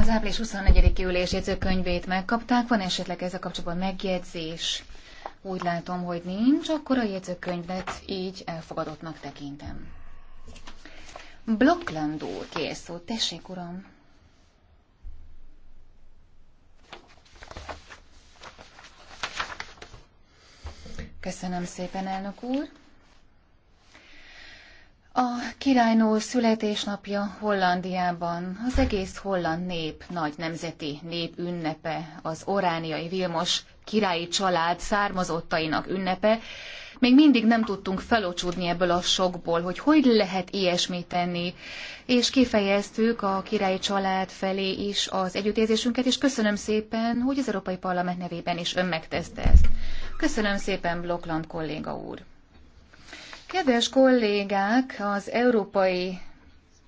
Az április 24-i ülés jegyzőkönyvét megkapták, van esetleg ezzel kapcsolatban megjegyzés? Úgy látom, hogy nincs, akkor a jegyzőkönyvet így elfogadottnak tekintem. Blokland úr, kész szó, tessék uram! Köszönöm szépen, elnök úr! királynő születésnapja Hollandiában az egész holland nép nagy nemzeti nép ünnepe, az orániai Vilmos királyi család származottainak ünnepe. Még mindig nem tudtunk felocsúdni ebből a sokból, hogy hogy lehet ilyesmit tenni, és kifejeztük a királyi család felé is az együttérzésünket, és köszönöm szépen, hogy az Európai Parlament nevében is ön megteszte ezt. Köszönöm szépen, Blokland kolléga úr! Kedves kollégák, az Európai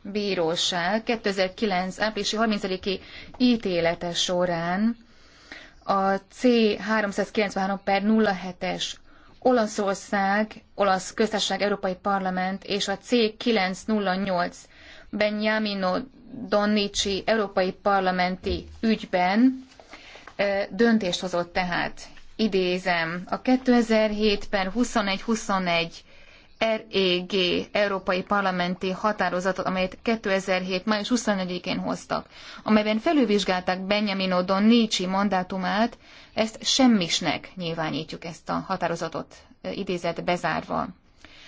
Bíróság 2009. április 30-i ítélete során a C393 per 07-es Olaszország, Olasz Köztársaság Európai Parlament és a C908 Benjamino Donnici Európai Parlamenti ügyben döntést hozott tehát. Idézem, a 2007 per 21 REG Európai Parlamenti határozatot, amelyet 2007. május 24-én hoztak, amelyben felülvizsgálták Benjamin Nici mandátumát, ezt semmisnek nyilvánítjuk ezt a határozatot idézet bezárva.